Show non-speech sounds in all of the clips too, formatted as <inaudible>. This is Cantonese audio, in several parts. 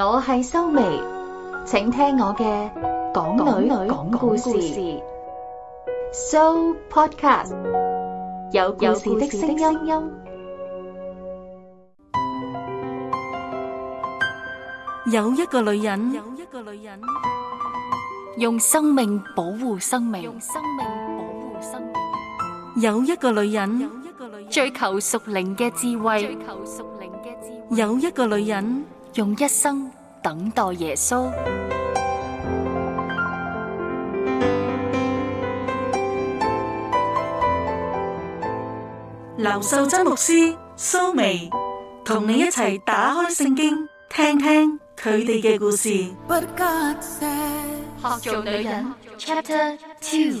我係修眉，請聽我嘅講女女講故事。So Podcast 有故事的聲音。有一個女人，有一個女人用生命保護生命，用生命保護生命。有一個女人，有一個女人追求屬靈嘅智慧，追求屬靈嘅智慧。有一個女人。用一生等待耶穌。劉秀珍牧師蘇眉同你一齊打開聖經，聽聽佢哋嘅故事。學做女人，Chapter Two。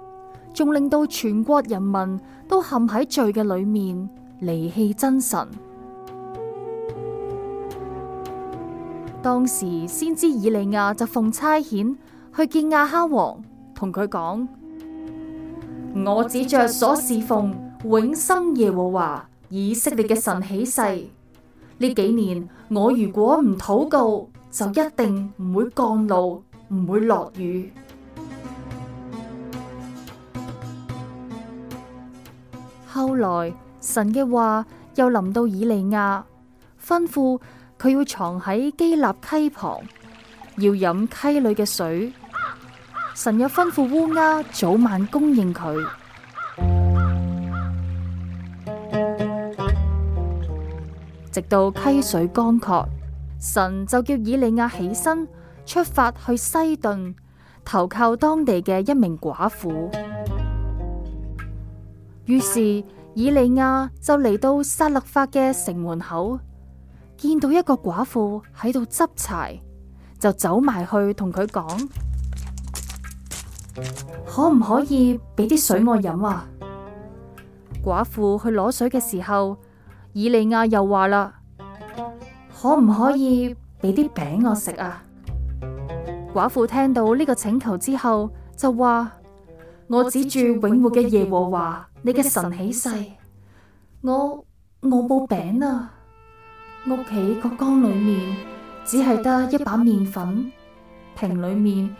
仲令到全國人民都陷喺罪嘅裏面，離棄真神。當時先知以利亞就奉差遣去見亞哈王，同佢講：我指着所侍奉永生耶和華以色列嘅神起誓，呢幾年我如果唔禱告，就一定唔會降露，唔會落雨。後來神嘅話又臨到以利亞，吩咐佢要藏喺基納溪旁，要飲溪裏嘅水。神又吩咐烏鴉早晚供應佢，直到溪水乾涸。神就叫以利亞起身出發去西頓，投靠當地嘅一名寡婦。於是，以利亞就嚟到撒勒法嘅城門口，見到一個寡婦喺度執柴，就走埋去同佢講：可唔可以俾啲水我飲啊？寡婦去攞水嘅時候，以利亞又話啦：可唔可以俾啲餅我食啊？寡婦聽到呢個請求之後，就話：我指住永活嘅耶和華，你嘅神起誓，我我冇餅啊。屋企個缸裏面只係得一把麵粉，瓶裏面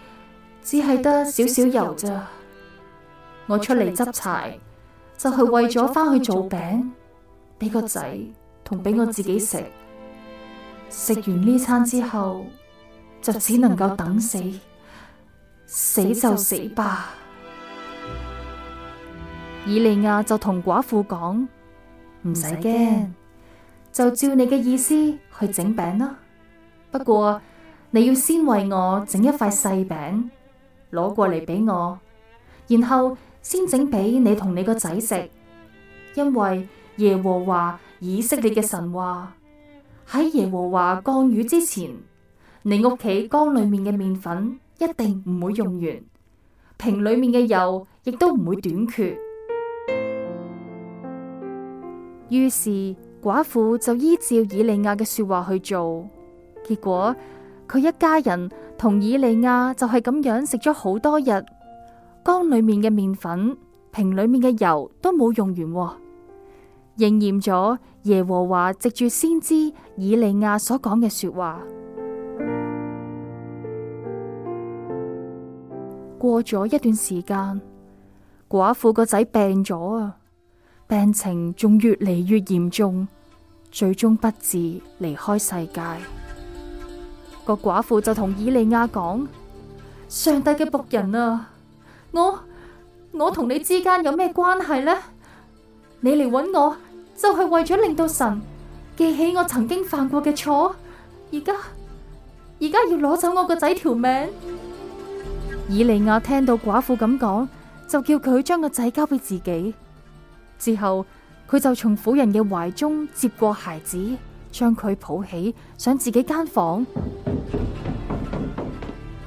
只係得少少油咋。我出嚟執柴就係為咗翻去做餅，俾個仔同俾我自己食。食完呢餐之後就只能夠等死，死就死吧。以利亞就同寡婦講，唔使驚，就照你嘅意思去整餅啦。不過你要先為我整一塊細餅攞過嚟俾我，然後先整俾你同你個仔食。因為耶和華以色列嘅神話喺耶和華降雨之前，你屋企缸裏面嘅麵粉一定唔會用完，瓶裏面嘅油亦都唔會短缺。於是寡婦就依照以利亞嘅說話去做，結果佢一家人同以利亞就係咁樣食咗好多日，缸裏面嘅麵粉、瓶裏面嘅油都冇用完喎。應驗咗耶和華藉住先知以利亞所講嘅說話。過咗一段時間，寡婦個仔病咗啊！病情仲越嚟越嚴重，最終不治離開世界。個寡婦就同以利亞講：上帝嘅僕人啊，我我同你之間有咩關係呢？你嚟揾我就係、是、為咗令到神記起我曾經犯過嘅錯，而家而家要攞走我個仔條命。以利亞聽到寡婦咁講，就叫佢將個仔交俾自己。之後，佢就從婦人嘅懷中接過孩子，將佢抱起，上自己間房，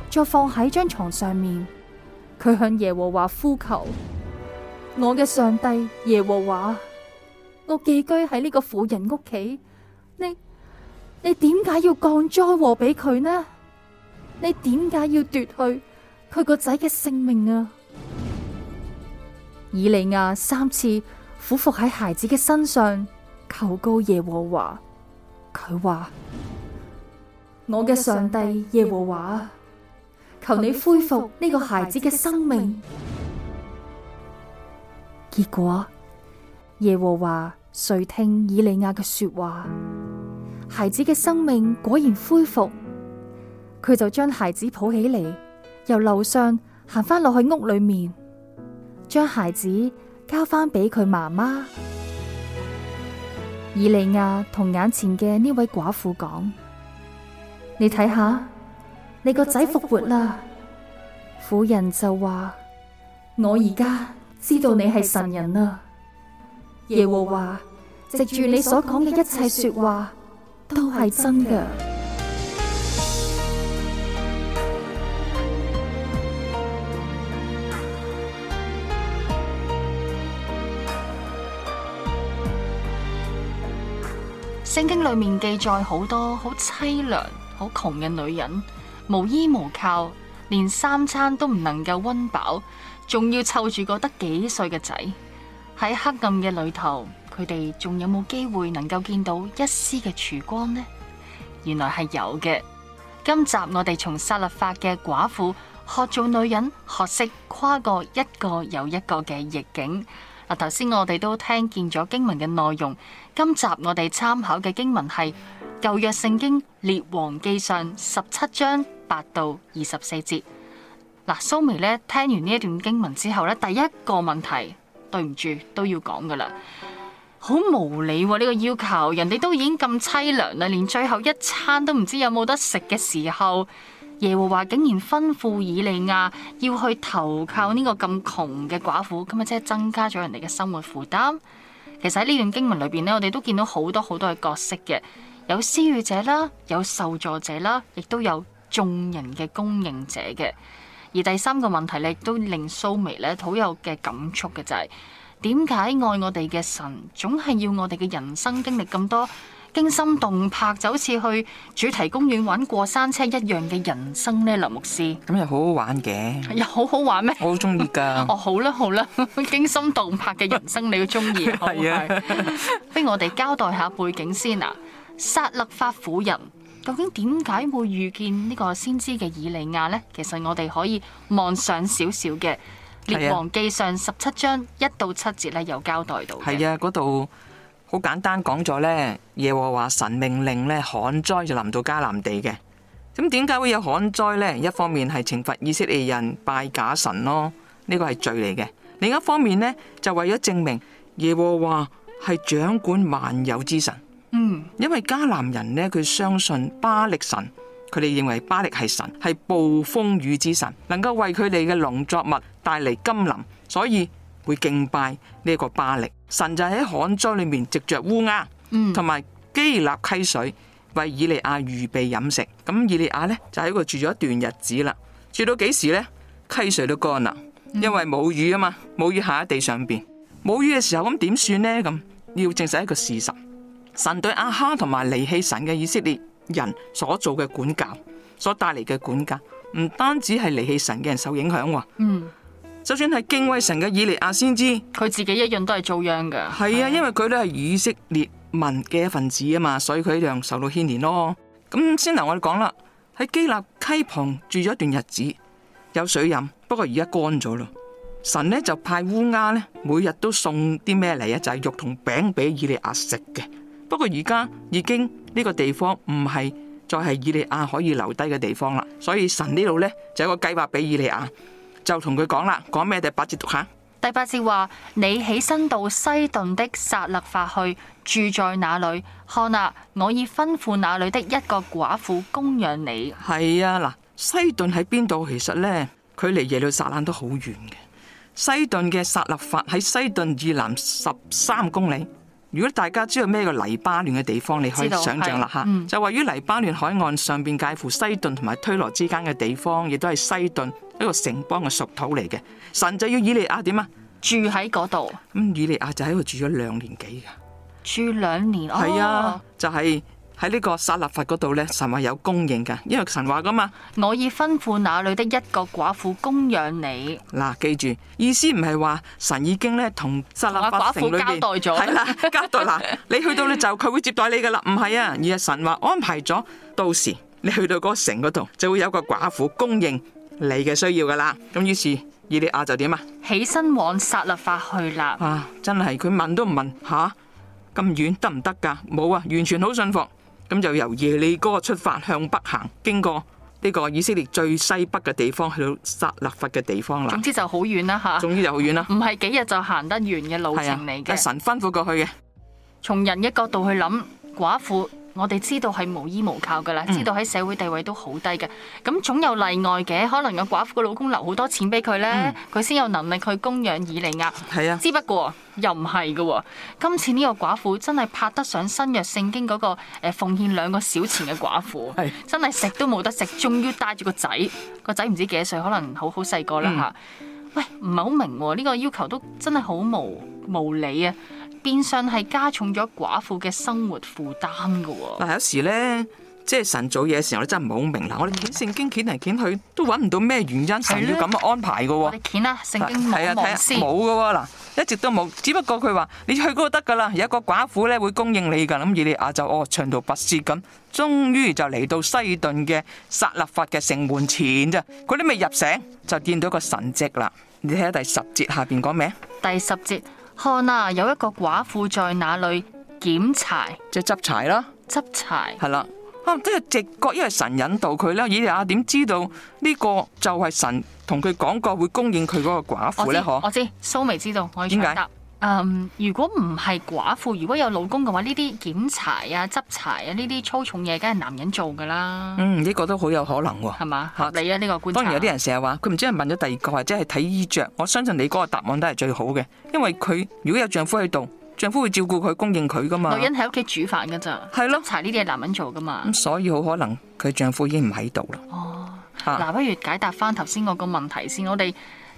再放喺張床上面。佢向耶和華呼求：我嘅上帝耶和華，我寄居喺呢個婦人屋企，你你點解要降災禍俾佢呢？你點解要奪去佢個仔嘅性命啊？以利亞三次。俯伏喺孩子嘅身上，求告耶和華。佢話：我嘅上帝耶和華求你恢復呢個孩子嘅生命。結果耶和華垂聽以利亞嘅說話，孩子嘅生命果然恢復。佢就將孩子抱起嚟，由樓上行翻落去屋裏面，將孩子。交翻俾佢媽媽，以利亞同眼前嘅呢位寡婦講：你睇下，你個仔復活啦。婦人就話：我而家知道你係神人啦。耶和華，藉住你所講嘅一切說話，都係真㗎。聖經裏面記載好多好淒涼、好窮嘅女人，無依無靠，連三餐都唔能夠溫飽，仲要湊住個得幾歲嘅仔，喺黑暗嘅裏頭，佢哋仲有冇機會能夠見到一絲嘅曙光呢？原來係有嘅。今集我哋從撒勒法嘅寡婦學做女人，學識跨過一個又一個嘅逆境。嗱，頭先我哋都聽見咗經文嘅內容。今集我哋參考嘅經文係舊約聖經列王紀上十七章八到二十四節。嗱，蘇眉咧聽完呢一段經文之後咧，第一個問題，對唔住都要講噶啦，好無理喎，呢個要求。人哋都已經咁淒涼啦，連最後一餐都唔知有冇得食嘅時候。耶和華竟然吩咐以利亞要去投靠呢個咁窮嘅寡婦，咁啊即係增加咗人哋嘅生活負擔。其實喺呢段經文裏邊呢，我哋都見到好多好多嘅角色嘅，有施予者啦，有受助者啦，亦都有眾人嘅供應者嘅。而第三個問題咧，亦都令蘇眉咧好有嘅感觸嘅就係、是，點解愛我哋嘅神總係要我哋嘅人生經歷咁多？驚心動魄，就好似去主題公園玩過山車一樣嘅人生咧，林牧師。咁又好好玩嘅，又好好玩咩？我好中意噶。哦，好啦好啦，驚心動魄嘅人生你都中意係啊。俾我哋交代下背景先啊。撒勒法婦人究竟點解會遇見呢個先知嘅以利亞咧？其實我哋可以望上少少嘅列王記上十七章一到七節咧，又交代到。係啊，嗰度。好簡單講咗呢，耶和華神命令呢，旱災就臨到迦南地嘅。咁點解會有旱災呢？一方面係懲罰以色列人拜假神咯，呢個係罪嚟嘅；另一方面呢，就為咗證明耶和華係掌管萬有之神。嗯，因為迦南人呢，佢相信巴力神，佢哋認為巴力係神，係暴風雨之神，能夠為佢哋嘅農作物帶嚟甘霖，所以。會敬拜呢一個巴力，神就喺旱災裏面藉着烏鴉，同埋、嗯、基立溪水為以利亞預備飲食。咁以利亞呢，就喺、是、度住咗一段日子啦。住到幾時呢？溪水都乾啦，因為冇雨啊嘛，冇雨下喺地上邊，冇雨嘅時候咁點算呢？咁要證實一個事實，神對阿哈同埋離棄神嘅以色列人所做嘅管教，所帶嚟嘅管教，唔單止係離棄神嘅人受影響。嗯就算係敬畏神嘅以利亞先知，佢自己一樣都係遭殃嘅。係啊，啊，因為佢都係以色列民嘅一份子啊嘛，所以佢一樣受到牽連咯。咁先嚟我哋講啦，喺基納溪旁住咗一段日子，有水飲，不過而家乾咗啦。神呢就派烏鴉呢，每日都送啲咩嚟啊？就係、是、肉同餅俾以利亞食嘅。不過而家已經呢個地方唔係再係以利亞可以留低嘅地方啦，所以神呢度呢，就有個計劃俾以利亞。就同佢講啦，講咩？第八節讀下。第八節話：你起身到西頓的撒勒法去，住在那裡。看哪，我已吩咐那裡的一個寡婦供養你。係啊，嗱，西頓喺邊度？其實呢，距離耶路撒冷都好遠嘅。西頓嘅撒勒法喺西頓以南十三公里。如果大家知道咩叫黎巴嫩嘅地方，道你可以想象啦吓，是就位於黎巴嫩海岸上邊，介乎西頓同埋推羅之間嘅地方，亦都係西頓一個城邦嘅屬土嚟嘅。神就要以利亞點啊？住喺嗰度。咁、嗯、以利亞就喺度住咗兩年幾噶，住兩年。係、哦、啊，就係、是。喺呢個撒勒法嗰度咧，神話有供應噶，因為神話噶嘛。我已吩咐那裏的一個寡婦供養你。嗱、啊，記住意思唔係話神已經咧同撒勒法城交代咗。係啦交代，嗱 <laughs> 你去到咧就佢會接待你噶啦，唔係啊，而係神話安排咗，到時你去到嗰個城嗰度就會有個寡婦供應你嘅需要噶啦。咁於是以利亞、啊、就點啊？起身往撒勒法去啦、啊。啊，真係佢問都唔問吓，咁遠得唔得噶？冇啊，完全好信服。咁就由耶利哥出發向北行，經過呢個以色列最西北嘅地方，去到撒勒法嘅地方啦。總之就好遠啦吓。總之就好遠啦，唔係幾日就行得完嘅路程嚟嘅。係、啊、神吩咐過去嘅。從人嘅角度去諗寡婦。我哋知道係無依無靠㗎喇，知道喺社會地位都好低嘅，咁總有例外嘅。可能個寡婦個老公留好多錢俾佢咧，佢先、嗯、有能力去供養以利亞。係啊、嗯，之不過又唔係嘅喎。今次呢個寡婦真係拍得上新約聖經嗰、那個、呃、奉獻兩個小錢嘅寡婦，嗯、真係食都冇得食，終於帶住個仔，個仔唔知幾多歲，可能好好細個啦吓，嗯、喂，唔係好明喎，呢、這個要求都真係好無無理啊！變相係加重咗寡婦嘅生活負擔噶。但係、呃，有時咧，即係神做嘢嘅時候你真係唔好明啦。我哋聖經捲嚟捲去都揾唔到咩原因神要咁樣安排噶、哦。我哋卷啦，聖經冇冇嘅嗱，一直都冇。只不過佢話你去嗰度得噶啦，有一個寡婦咧會供應你噶。咁以利亞就哦長途跋涉咁，終於就嚟到西頓嘅撒勒法嘅城門前啫。佢都未入城就見到一個神蹟啦。你睇下第十節下邊講咩？第十節。看啊，有一個寡婦在那裏撿柴，即係執柴啦，執柴係啦，啊，即係直覺，因為神引導佢啦。以利亞點知道呢個就係神同佢講過會供應佢嗰個寡婦咧？嗬，我知，蘇眉知道，我點解？嗯，如果唔係寡婦，如果有老公嘅話，呢啲檢查啊、執柴啊呢啲粗重嘢，梗係男人做噶啦。嗯，呢個都好有可能喎。係嘛？合理啊，呢個觀察。當然有啲人成日話，佢唔知係問咗第二個，或者係睇衣着。我相信你嗰個答案都係最好嘅，因為佢如果有丈夫喺度，丈夫會照顧佢、供應佢噶嘛。女人喺屋企煮飯噶咋，係咯？執柴呢啲係男人做噶嘛。咁所以好可能佢丈夫已經唔喺度啦。哦，嗱，不如解答翻頭先我個問題先，我哋。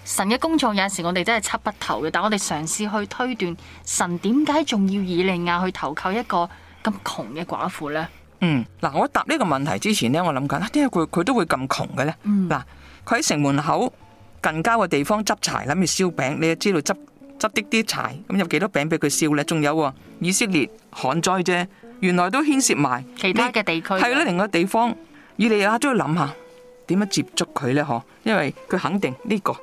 神嘅工作有陣時我哋真係測不透嘅，但係我哋嘗試去推斷神點解仲要以利亞去投靠一個咁窮嘅寡婦呢。嗯，嗱，我答呢個問題之前呢，我諗緊點解佢佢都會咁窮嘅呢。嗱，佢喺城門口近郊嘅地方執柴諗住燒餅，你又知道執執啲啲柴咁有幾多餅俾佢燒呢？仲有啊，以色列旱災啫，原來都牽涉埋其他嘅地區，係咯，另外地方以利亞都要諗下點樣接觸佢呢？嗬，因為佢肯定呢個。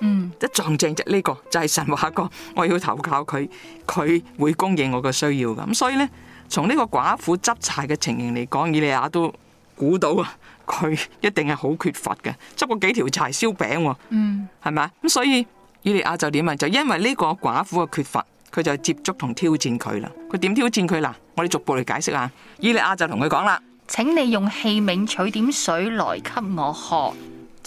嗯，即撞正啫，呢個就係神話個，我要投靠佢，佢會供應我個需要咁。所以呢，從呢個寡婦執柴嘅情形嚟講，以利亞都估到啊，佢一定係好缺乏嘅，執嗰幾條柴燒餅，哦，嗯，係咪？咁所以以利亞就點啊？就因為呢個寡婦嘅缺乏，佢就接觸同挑戰佢啦。佢點挑戰佢嗱？我哋逐步嚟解釋啊。以利亞就同佢講啦，請你用器皿取點水來給我喝。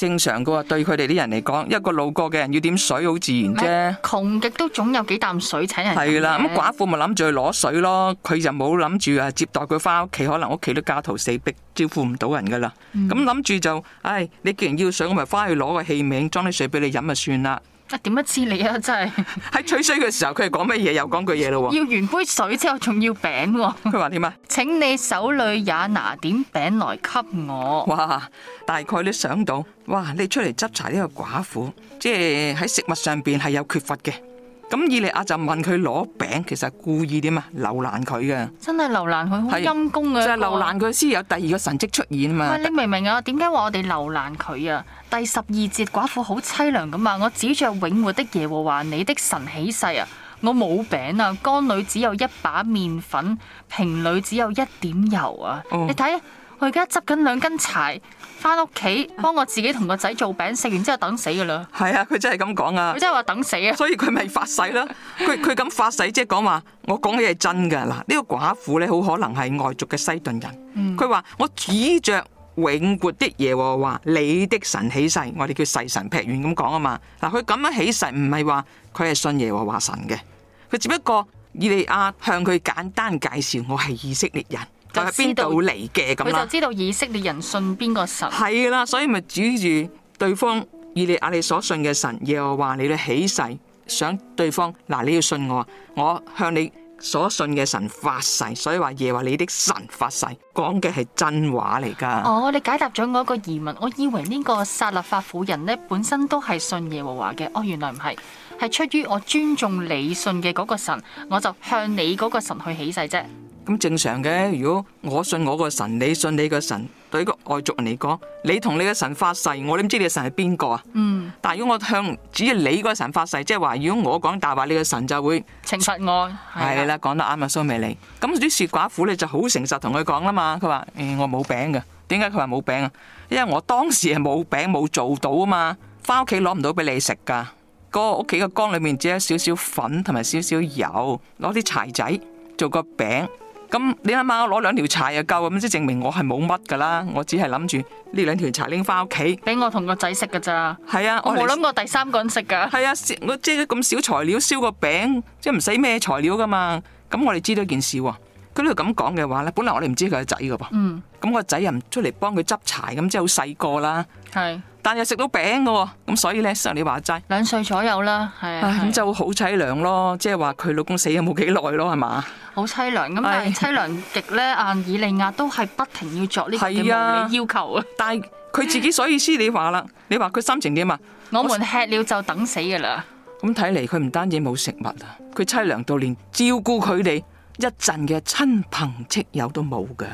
正常噶喎，對佢哋啲人嚟講，一個路過嘅人要點水好自然啫。窮極都總有幾啖水請人。係啦，咁寡婦咪諗住去攞水咯，佢就冇諗住啊接待佢翻屋企，可能屋企都家徒四壁，招呼唔到人噶啦。咁諗住就，唉、哎，你既然要水，我咪翻去攞個器皿裝啲水俾你飲就算啦。點不、啊、知你啊！真係喺取水嘅時候，佢係講乜嘢又講句嘢咯？要完杯水之後餅、喔，仲要餅。佢話點啊？請你手裏也拿點餅來給我。哇，大概你想到，哇，你出嚟執柴呢個寡婦，即係喺食物上邊係有缺乏嘅。咁以利亞就問佢攞餅，其實係故意點啊？留難佢嘅，真係留難佢好陰功嘅。就係、是、留難佢先有第二個神蹟出現嘛。喂，你明唔明啊？點解話我哋留難佢啊？第十二節寡婦好淒涼咁話，我指着永活的耶和華你的神起誓啊，我冇餅啊，缸裏只有一把麵粉，瓶裏只有一點油啊。哦、你睇我而家執緊兩根柴。翻屋企幫我自己同個仔做餅食，然之後等死噶啦。係啊，佢真係咁講啊，佢真係話等死啊。所以佢咪發誓咯？佢佢咁發誓，即係講話我講嘅嘢係真噶。嗱，呢個寡婦咧，好可能係外族嘅西頓人。佢話、嗯、我指着永活的耶和華，你的神起誓，我哋叫誓神劈願咁講啊嘛。嗱，佢咁樣起誓，唔係話佢係信耶和華神嘅，佢只不過以利亞向佢簡單介紹我係以色列人。就係邊度嚟嘅咁啊！佢就知道以色列人信邊個神。係啦，所以咪指住對方以你，你所信嘅神，耶和華你哋起誓，想對方嗱你要信我啊！我向你所信嘅神發誓，所以話耶和華你的神發誓，講嘅係真話嚟噶。哦，你解答咗我一個疑問，我以為呢個撒勒法婦人咧，本身都係信耶和華嘅。哦，原來唔係，係出於我尊重你信嘅嗰個神，我就向你嗰個神去起誓啫。咁正常嘅。如果我信我個神，你信你個神。對於個外族人嚟講，你同你個神發誓，我都唔知你個神係邊個啊。嗯。但係如果我向至於你個神發誓，即係話，如果我講大話，你個神就會懲罰我。係啦，講得啱啊，蘇美利。咁啲薛寡婦你就好誠實同佢講啦嘛。佢話：誒、嗯，我冇餅噶。點解佢話冇餅啊？因為我當時係冇餅冇做到啊嘛。翻屋企攞唔到俾你食噶。個屋企個缸裏面只有少少粉同埋少少油，攞啲柴仔做個餅。咁你諗下我攞兩條柴就夠，咁即證明我係冇乜噶啦，我只係諗住呢兩條柴拎翻屋企，俾我同個仔食噶咋。係啊，我冇諗過第三個人食噶。係啊，我即係咁少材料燒個餅，即係唔使咩材料噶嘛。咁我哋知道一件事喎，佢呢度咁講嘅話咧，本來我哋唔知佢嘅仔噶噃。嗯。咁個仔又唔出嚟幫佢執柴，咁即係好細個啦。係。但又食到餅嘅，咁所以咧，上你話齋兩歲左右啦，係啊，咁就好淒涼咯，即係話佢老公死咗冇幾耐咯，係嘛，好淒涼。咁唉但係淒涼極咧，阿、啊、以利亞都係不停要作呢啲無理要求啊。但係佢自己，所以斯 <laughs> 你話啦，你話佢心情點啊？我們吃了就等死噶啦。咁睇嚟，佢唔單止冇食物啊，佢淒涼到連照顧佢哋一陣嘅親朋戚友都冇噶。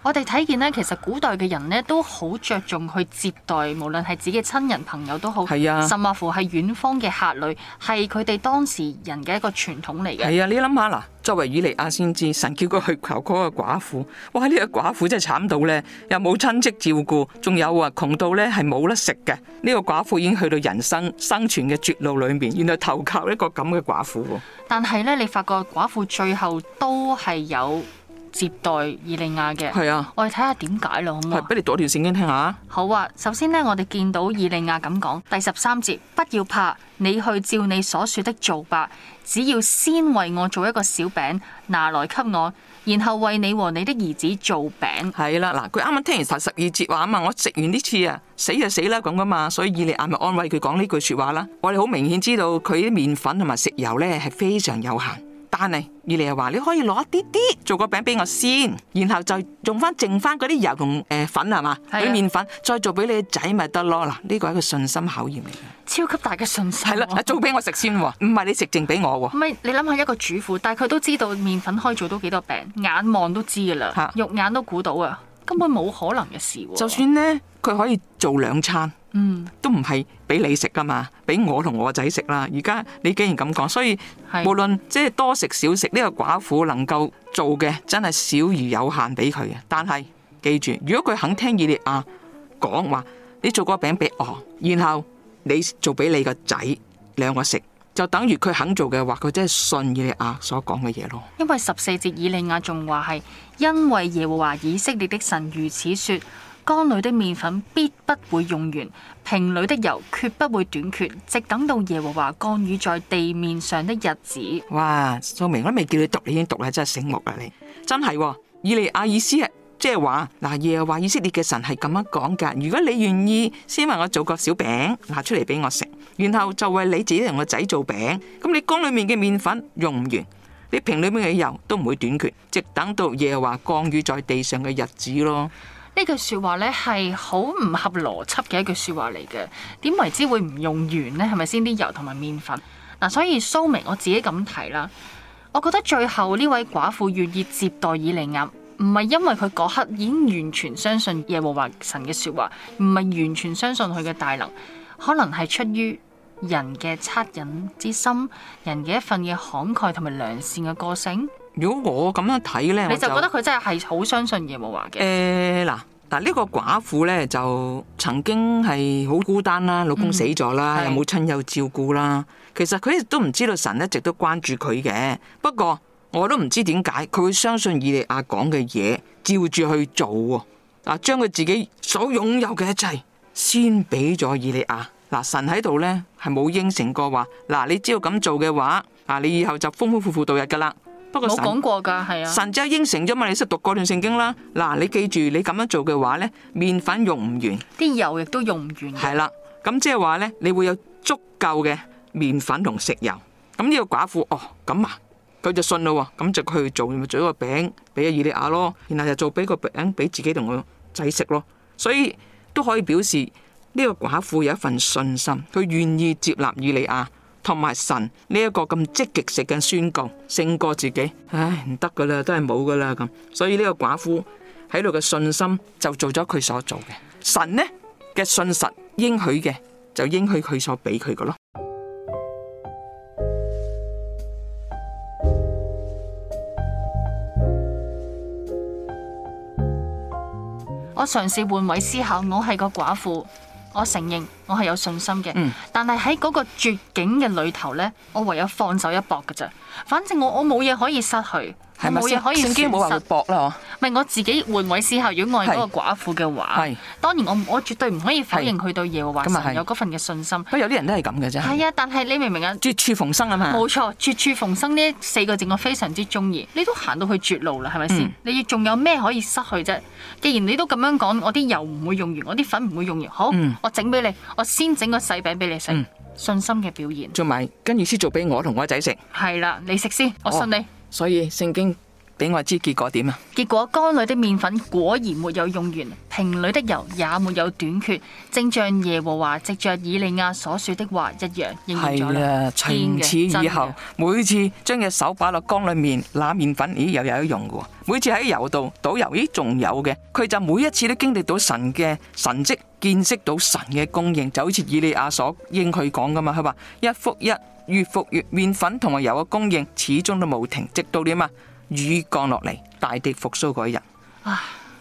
我哋睇見咧，其實古代嘅人咧都好着重去接待，無論係自己嘅親人朋友都好，係啊、甚至乎係遠方嘅客旅，係佢哋當時人嘅一個傳統嚟嘅。係啊，你諗下啦，作為以利亞先知，神叫佢去求嗰個寡婦，哇！呢、這個寡婦真係慘到咧，又冇親戚照顧，仲有啊，窮到咧係冇得食嘅。呢、這個寡婦已經去到人生生存嘅絕路裏面，原來投靠一個咁嘅寡婦。但係咧，你發覺寡婦最後都係有。接待以利亞嘅。係啊，我哋睇下點解咯，好唔好？係俾你讀一段聖經聽下。好啊，首先呢，我哋見到以利亞咁講，第十三節，不要怕，你去照你所說的做吧。只要先為我做一個小餅，拿來給我，然後為你和你的兒子做餅。係啦、啊，嗱，佢啱啱聽完十二節話啊嘛，我食完呢次啊，死就死啦咁噶嘛，所以以利亞咪安慰佢講呢句說話啦。我哋好明顯知道佢啲麵粉同埋食油咧係非常有限。但係二嚟又話你可以攞一啲啲做個餅俾我先，然後再用翻剩翻嗰啲油同誒、呃、粉係嘛，啲、啊、麵粉再做俾你仔咪得咯。嗱，呢個係一個信心考驗嚟嘅，超級大嘅信心、哦。係啦，做俾我食先、哦，唔係你食剩俾我喎。咪你諗下一個主婦，但係佢都知道麵粉可以做到幾多餅，眼望都知噶啦，啊、肉眼都估到啊，根本冇可能嘅事、哦。就算咧，佢可以做兩餐。嗯，都唔係俾你食噶嘛，俾我同我仔食啦。而家你竟然咁講，所以是無論即係多食少食，呢、這個寡婦能夠做嘅真係少而有限俾佢嘅。但係記住，如果佢肯聽以利亞講話，你做個餅俾我，然後你做俾你個仔兩個食，就等於佢肯做嘅話，佢真係信以利亞所講嘅嘢咯。因為十四節以利亞仲話係，因為耶和華以色列的神如此說。缸裏的麵粉必不會用完，瓶裏的油絕不會短缺，直等到耶和華降雨在地面上的日子。哇，蘇明我都未叫你讀，你已經讀啦，真係醒目啦你，真係、哦、以利亞意斯，係即係話，嗱，耶和華以色列嘅神係咁樣講噶。如果你願意，先問我做個小餅，拿出嚟俾我食，然後就為你自己同個仔做餅。咁你缸裏面嘅麵粉用唔完，你瓶裏面嘅油都唔會短缺，直等到耶和華降雨在地上嘅日子咯。呢句說話咧係好唔合邏輯嘅一句說話嚟嘅，點為之會唔用完呢？係咪先啲油同埋麵粉嗱，啊？所以蘇明我自己咁睇啦，我覺得最後呢位寡婦願意接待以利亞，唔係因為佢嗰刻已經完全相信耶和華神嘅說話，唔係完全相信佢嘅大能，可能係出於人嘅惻隱之心，人嘅一份嘅慷慨同埋良善嘅個性。如果我咁樣睇呢，你就覺得佢真係係好相信耶和華嘅。誒，嗱，嗱，呢個寡婦呢，就曾經係好孤單啦，老公死咗啦，又冇親友照顧啦。其實佢都唔知道神一直都關注佢嘅。不過我都唔知點解佢會相信以利亞講嘅嘢，照住去做啊，將佢自己所擁有嘅一切先俾咗以利亞。嗱，神喺度呢，係冇應承過話嗱，你只要咁做嘅話啊，你以後就豐豐富富度日噶啦。冇講過噶，係啊！神即係應承咗嘛？你識讀過段聖經啦。嗱，你記住你咁樣做嘅話咧，麵粉用唔完，啲油亦都用唔完。係啦，咁即係話咧，你會有足夠嘅麵粉同食油。咁呢個寡婦哦，咁啊，佢就信咯。咁就去做咪做一個餅俾阿以利亞咯，然後就做俾個餅俾自己同個仔食咯。所以都可以表示呢個寡婦有一份信心，佢願意接納以利亞。同埋神呢一個咁積極性嘅宣告勝過自己，唉唔得噶啦，都係冇噶啦咁。所以呢個寡婦喺度嘅信心就做咗佢所做嘅。神呢嘅信實應許嘅就應許佢所俾佢噶咯。我嘗試換位思考，我係個寡婦。我承認我係有信心嘅，但係喺嗰個絕境嘅裏頭呢，我唯有放手一搏㗎咋。反正我我冇嘢可以失去，我冇嘢可以搏啦嗬。唔係我自己換位思考，如果我係嗰個寡婦嘅話，是當然我我絕對唔可以否認佢對耶和華是有嗰份嘅信心。有啲人都係咁嘅啫。係啊，但係你明唔明啊？絕處逢生啊嘛。冇錯，絕處逢生呢四個字我非常之中意。你都行到去絕路啦，係咪先？嗯、你仲有咩可以失去啫？既然你都咁樣講，我啲油唔會用完，我啲粉唔會用完，好，嗯、我整俾你，我先整個細餅俾你食。嗯信心嘅表現，仲埋跟住先做俾我同我仔食。係啦，你食先，我信你。Oh, 所以聖經。俾我知結果點啊？結果缸裏的麵粉果然沒有用完，瓶裏的油也沒有短缺，正像耶和華藉着以利亞所說的話一樣，應咗啦。係啊，從此以後，每次將隻手擺落缸裏面攞麵粉，咦，又有得用嘅；每次喺油度倒油，咦，仲有嘅。佢就每一次都經歷到神嘅神蹟，見識到神嘅供應，就好似以利亞所應佢講咁啊。佢話一復一，越復越，麵粉同埋油嘅供應始終都冇停，直到點啊？雨降落嚟，大地復蘇嗰一日，啊！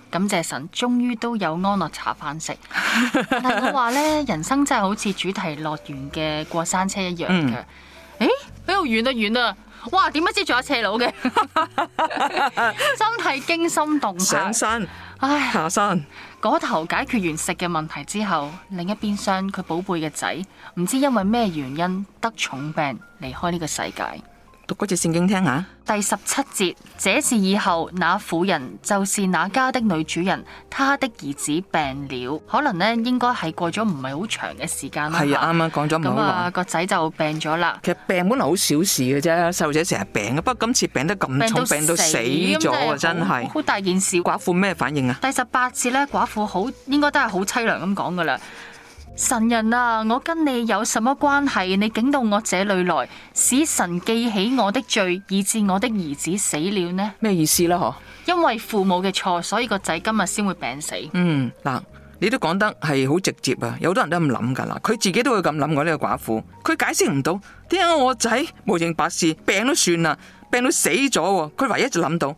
感謝神，終於都有安樂茶飯食。 <laughs> 但係我話呢，人生真係好似主題樂園嘅過山車一樣嘅。誒、嗯，喺度遠得遠啊！哇、欸，點不知仲有斜路嘅， <laughs> 真係驚心動魄。上山，唉，下山。嗰頭解決完食嘅問題之後，另一邊廂佢寶貝嘅仔唔知因為咩原因得重病，離開呢個世界。讀嗰隻聖經聽下，第十七節，這事以後那婦人就是那家的女主人，她的兒子病了，可能咧應該係過咗唔係好長嘅時間啦。係啊，啱啱講咗唔好耐，咁、嗯啊、個仔就病咗啦。其實病本來好小事嘅啫，細路仔成日病嘅，不過今次病得咁重，病到死咗啊！嗯、真係的好大件事。寡婦咩反應啊？第十八節咧，寡婦好應該都係好淒涼咁講噶啦。神人啊，我跟你有什麼關係？你竟到我這裡來，使神記起我的罪，以致我的兒子死了呢？咩意思啦？嗬，因為父母嘅錯，所以個仔今日先會病死。嗯，嗱，你都講得係好直接啊！有好多人都咁諗噶啦，佢自己都會咁諗。我呢個寡婦，佢解釋唔到，點解我仔無影白事病都算啦，病到死咗。佢唯一就諗到，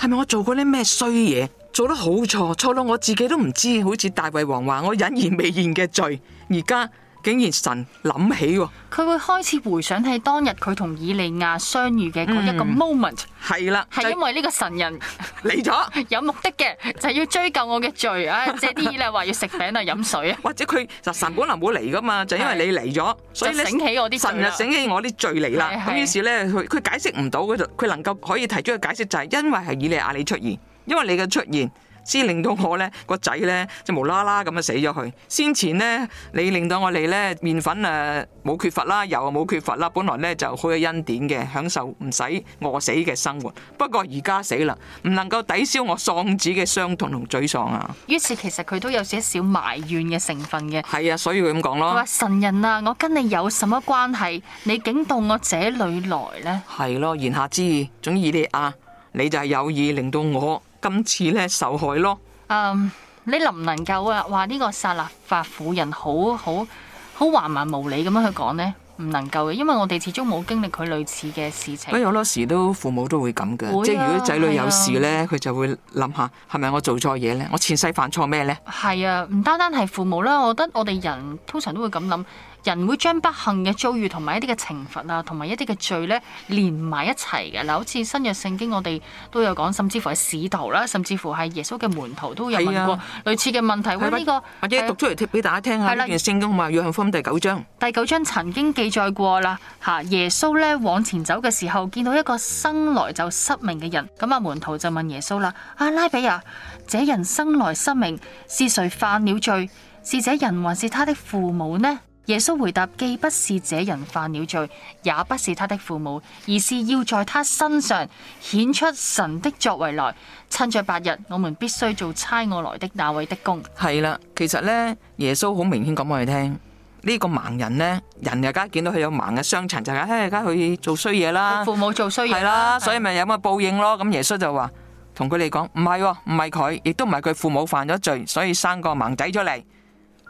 係咪我做過啲咩衰嘢？做得好錯，錯到我自己都唔知，好似大衛王話我隱而未現嘅罪，而家竟然神諗起，佢會開始回想起當日佢同以利亞相遇嘅嗰一個 moment，係、嗯、啦，係因為呢個神人嚟咗、就是， <laughs> 有目的嘅，就係要追究我嘅罪。唉，借啲嘢嚟話要食餅啊，飲水啊，水或者佢神本來冇嚟噶嘛，就因為你嚟咗，是所以醒起我啲罪，神就醒起我啲罪嚟啦。咁於是咧，佢佢解釋唔到佢，佢能夠可以提出嘅解釋就係因為係以利亞你出現。因為你嘅出現，先令到我呢個仔呢就無啦啦咁樣死咗去。先前呢你令到我哋呢麵粉啊冇缺乏啦，油啊冇缺乏啦，本來呢就好有恩典嘅，享受唔使餓死嘅生活。不過而家死啦，唔能夠抵消我喪子嘅傷痛同沮喪啊！於是其實佢都有少少埋怨嘅成分嘅。係啊，所以佢咁講咯。佢話神人啊，我跟你有什麼關係？你竟到我這裏來呢？係咯，言下之意，總而言之啊，你就係有意令到我。今次咧受害咯，um, 你能唔能夠啊話呢個撒勒法婦人好好好橫蠻無理咁樣去講呢？唔能夠嘅，因為我哋始終冇經歷佢類似嘅事情。不過好多時都父母都會咁嘅，啊、即係如果仔女有事呢，佢、啊、就會諗下「係咪我做錯嘢呢？我前世犯錯咩呢？」係啊，唔單單係父母啦，我覺得我哋人通常都會咁諗。人會將不幸嘅遭遇同埋一啲嘅懲罰啊，同埋一啲嘅罪呢連埋一齊嘅嗱，好似新約聖經我哋都有講，甚至乎係使徒啦，甚至乎係耶穌嘅門徒都有問過類似嘅問題。咁呢、啊哇這個或者、啊、讀出嚟貼俾大家聽下。係啦、啊，聖經同埋約翰福音第九章。第九章曾經記載過啦，嚇耶穌呢往前走嘅時候，見到一個生來就失明嘅人。咁啊，門徒就問耶穌啦：阿拉比啊，這人生來失明，是誰犯了罪？是這人還是他的父母呢？耶穌回答，既不是這人犯了罪，也不是他的父母，而是要在他身上顯出神的作為來。趁着白日，我們必須做差我來的那位的工。係啦，其實呢，耶穌好明顯講俾佢聽，呢、這個盲人呢，人又加見到佢有盲嘅傷殘，就係、是、唉，而、哎、家去做衰嘢啦，父母做衰嘢係啦，所以咪有咁嘅報應咯。咁的耶穌就話同佢哋講，唔係喎，唔係佢，亦都唔係佢父母犯咗罪，所以生個盲仔出嚟。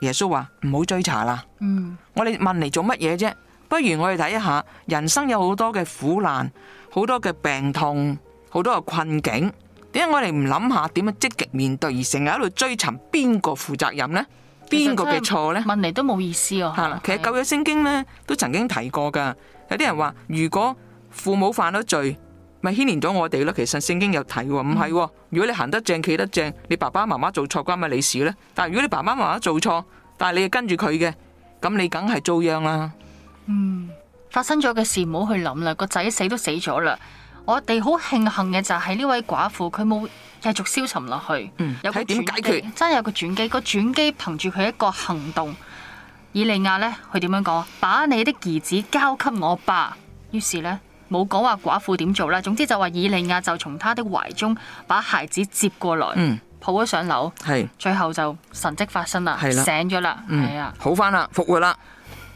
耶穌話唔好追查啦，嗯、我哋問嚟做乜嘢啫？不如我哋睇一下，人生有好多嘅苦難，好多嘅病痛，好多嘅困境，點解我哋唔諗下點樣積極面對，而成日喺度追尋邊個負責任呢？邊個嘅錯呢？問嚟都冇意思哦、啊。其實舊約聖經呢都曾經提過噶，有啲人話如果父母犯咗罪。咪牽連咗我哋咯，其實聖經有提唔係，如果你行得正企得正，你爸爸媽媽做錯關咪你事呢？但係如果你爸爸媽媽做錯，但係你又跟住佢嘅，咁你梗係遭殃啦。嗯，發生咗嘅事唔好去諗啦，個仔死都死咗啦。我哋好慶幸嘅就係呢位寡婦，佢冇繼續消沉落去。嗯，睇點解決？真有個轉機，個轉機憑住佢一個行動，以利亞呢，佢點樣講？把你的兒子交給我吧。於是呢。冇講話寡婦點做啦，總之就話以利亞就從他的懷中把孩子接過來，嗯、抱咗上樓，係最後就神蹟發生啦，係啦醒咗了啦，係啊、嗯，好翻啦，復活啦，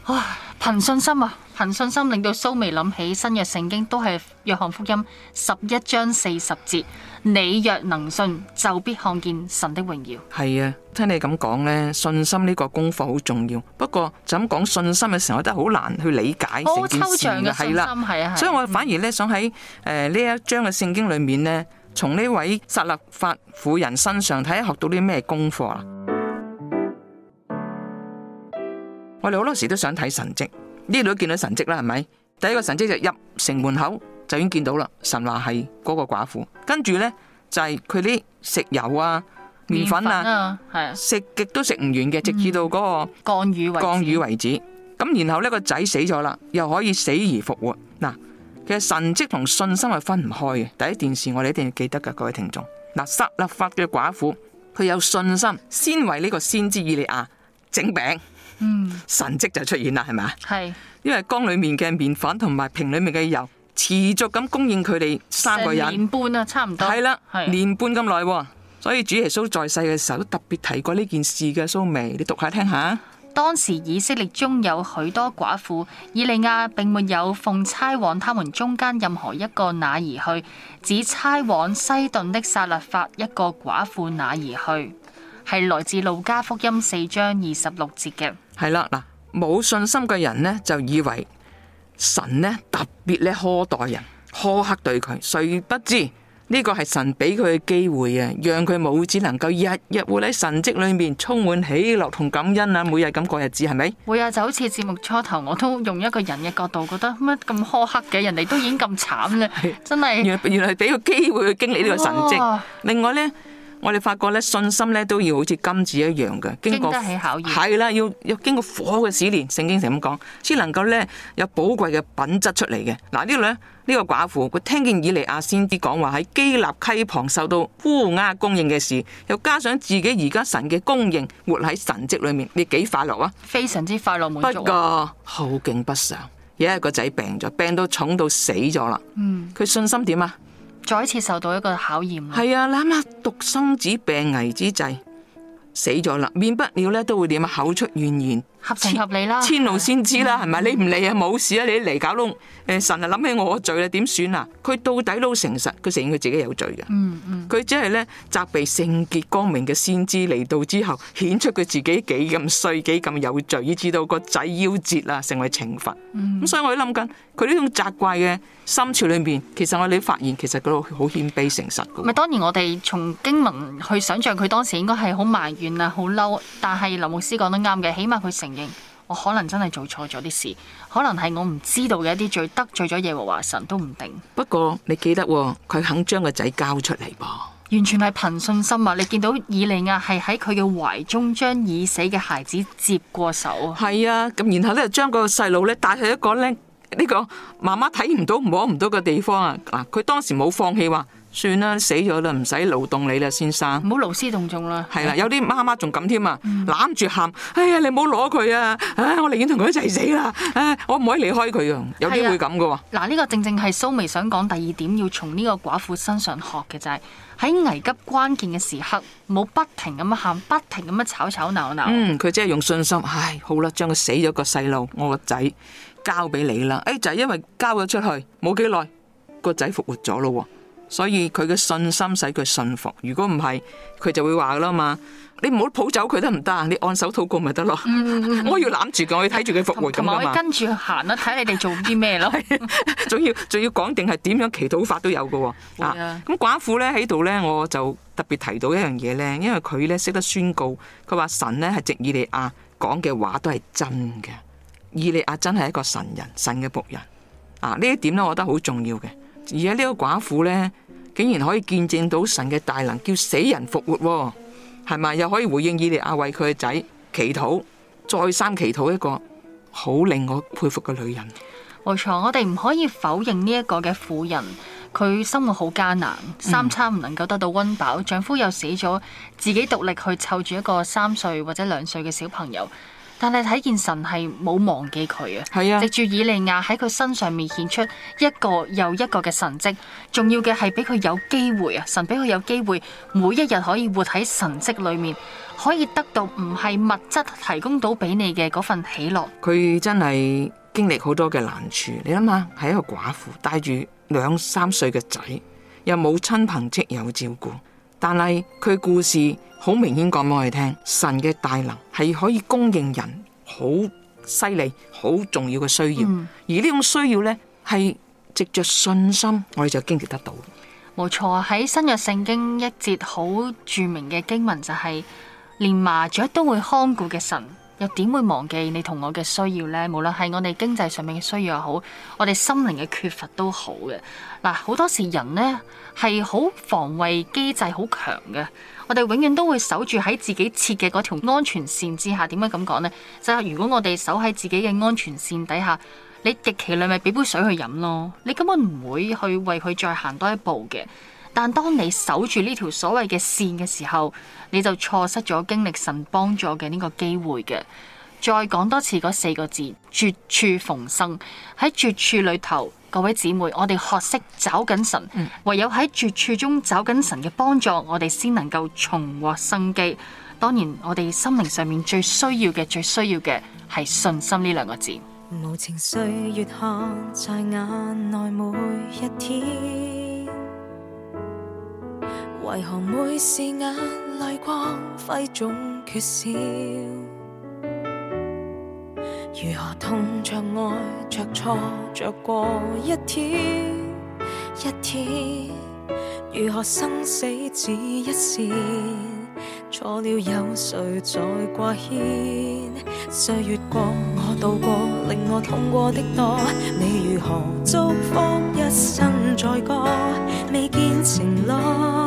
啊、憑信心啊！憑信心令到蘇眉諗起新約聖經都係約翰福音十一章四十節，你若能信，就必看見神的榮耀。係啊，聽你咁講呢，信心呢個功課好重要。不過就咁講信心嘅時候，我覺得好難去理解成件事。好抽象嘅信心，係啊了，所以我反而呢，想喺誒呢一章嘅聖經裏面呢，從呢位撒勒法婦人身上睇下，學到啲咩功課啦。我哋好多時都想睇神蹟。呢度都見到神蹟啦，係咪？第一個神蹟就入城門口就已經見到啦。神話係嗰個寡婦，跟住呢就係佢啲食油啊、麵粉啊，係啊，食極都食唔完嘅，嗯、直至到、那、嗰個降雨為止。降雨為止，咁然後呢個仔死咗啦，又可以死而復活。嗱，其實神蹟同信心係分唔開嘅。第一件事我哋一定要記得㗎，各位聽眾，嗱，撒勒法嘅寡婦佢有信心，先為呢個先知以利亞整餅。嗯，神蹟就出現啦，係咪？係是，因為缸裏面嘅麵粉同埋瓶裏面嘅油持續咁供應佢哋三個人年半啦，啊，差唔多係啦，了是年半咁耐，哦，所以主耶穌在世嘅時候都特別提過呢件事嘅。蘇眉，你讀下聽下。當時以色列中有許多寡婦，以利亞並沒有奉差往他們中間任何一個哪兒去，只差往西頓的撒勒法一個寡婦哪兒去，係來自路加福音四章二十六節嘅。係啦，嗱，冇信心嘅人呢，就以為神呢特別咧苛待人苛刻對佢，誰不知呢個係神俾佢嘅機會啊，讓佢母子能夠日日活喺神蹟裏面充滿喜樂同感恩啊，每日咁過日子係咪？會啊，就好似節目初頭我都用一個人嘅角度覺得乜咁苛刻嘅，人哋都已經咁慘啦， <laughs> 是真係的原原來係俾個機會去經歷呢個神蹟。哇另外呢。我哋發覺咧，信心咧都要好似金子一樣嘅，經過經得起考驗，係啦，要要經過火嘅試煉，聖經成咁講，先能夠咧有寶貴嘅品質出嚟嘅。嗱、啊這個、呢度咧呢個寡婦，佢聽見以利亞先知講話喺基立溪旁受到烏鴉供應嘅事，又加上自己而家神嘅供應，活喺神蹟裏面，你幾快樂啊？非常之快樂滿足，啊。不過好景不常，有一個仔病咗，病到重到死咗啦。嗯，佢信心點啊？再一次受到一個考驗，係 <noise> <noise> 啊！諗下獨生子病危之際死咗啦，免不了都會點口出怨言。合情合理啦，千路先知啦，係咪？你唔理啊，冇事啊！你嚟搞到，誒，神啊，諗起我罪啦，點算啊？佢到底都誠實，佢承認佢自己有罪嘅。佢只係咧責備聖潔光明嘅先知嚟到之後，顯出佢自己幾咁衰，幾咁有罪，以至到個仔夭折啦，成為懲罰。咁所以我都諗緊，佢呢種責怪嘅心潮裏面，其實我哋發現，其實佢好謙卑誠實。咪當然，我哋從經文去想象，佢當時應該係好埋怨啊，好嬲。但係林牧師講得啱嘅，起碼佢誠。我可能真係做錯咗啲事，可能係我唔知道嘅一啲罪，得罪咗耶和華神都唔定。不過你記得喎，佢肯將個仔交出嚟噃，完全係憑信心啊！你見到以利亞係喺佢嘅懷中將已死嘅孩子接過手，係啊，咁然後咧就將個細路咧帶去一個咧呢個媽媽睇唔到摸唔到嘅地方啊！嗱，佢當時冇放棄話。算啦，死咗啦，唔使勞動你啦，先生。唔好勞師動眾啦。係啦、啊，有啲媽媽仲咁添啊，攬住喊，哎呀，你唔好攞佢啊，唉、哎，我寧願同佢一齊死啦，唉、哎，我唔可以離開佢啊，有啲會咁㗎喎。嗱，呢、這個正正係蘇眉想講第二點，要從呢個寡婦身上學嘅就係、是、喺危急關鍵嘅時刻，冇不停咁樣喊，不停咁樣吵吵鬧鬧。嗯，佢即係用信心，唉，好啦，將佢死咗個細路，我個仔交俾你啦。哎，就係因為交咗出去，冇幾耐個仔復活咗咯喎。所以佢嘅信心使佢信服。如果唔係，佢就會話噶啦嘛。你唔好抱走佢得唔得啊？你按手禱告咪得咯。我要攬住佢，嗯嗯嗯、我 <laughs> <laughs> 要睇住佢復活啊嘛。同埋跟住行啦，睇你哋做啲咩咯。仲要仲要講定係點樣祈禱法都有嘅喎。咁、 <laughs> 啊嗯、寡婦咧喺度咧，我就特別提到一樣嘢咧，因為佢咧識得宣告。佢話神咧係直以利亞講嘅話都係真嘅。以利亞真係一個神人，神嘅僕人。啊，呢一點咧，我覺得好重要嘅。而家呢個寡婦呢，竟然可以見證到神嘅大能，叫死人復活、哦，係咪又可以回應以利亞為佢嘅仔祈禱、再三祈禱？一個好令我佩服嘅女人，冇錯。我哋唔可以否認呢一個嘅婦人，佢生活好艱難，三餐唔能夠得到温飽，嗯、丈夫又死咗，自己獨力去湊住一個三歲或者兩歲嘅小朋友。但係睇見神係冇忘記佢啊，係啊，藉住以利亞喺佢身上面顯出一個又一個嘅神跡，重要嘅係俾佢有機會啊！神俾佢有機會，每一日可以活喺神跡裏面，可以得到唔係物質提供到俾你嘅嗰份喜樂。佢真係經歷好多嘅難處，你諗下，係一個寡婦，帶住兩三歲嘅仔，又冇親朋戚友照顧。但係佢故事好明顯講俾我哋聽，神嘅大能係可以供應人好犀利、好重要嘅需要，嗯，而呢種需要呢，係藉着信心我哋就經歷得到。冇錯啊！喺新約聖經一節好著名嘅經文就係、是，連麻雀都會看顧嘅神。又點會忘記你同我嘅需要呢？無論係我哋經濟上面嘅需要又好，我哋心靈嘅缺乏都好嘅嗱。好多時人呢係好防衞機制好強嘅，我哋永遠都會守住喺自己設嘅嗰條安全線之下。點解咁講呢？就係如果我哋守喺自己嘅安全線底下，你極其量咪俾杯水去飲咯，你根本唔會去為佢再行多一步嘅。但當你守住呢條所謂嘅線嘅時候，你就錯失咗經歷神幫助嘅呢個機會嘅。再講多次嗰四個字：絕處逢生。喺絕處裏頭，各位姊妹，我哋學識找緊神，嗯、唯有喺絕處中找緊神嘅幫助，我哋先能夠重獲生機。當然，我哋心靈上面最需要嘅、最需要嘅係信心呢兩個字。無情歲月看在眼內每一天。為何每次眼淚光輝總缺少？如何痛着愛着錯着過一天一天？如何生死只一線，錯了有誰在掛牽？歲月過我渡過，令我痛過的多，你如何祝福一生再過？未見承諾。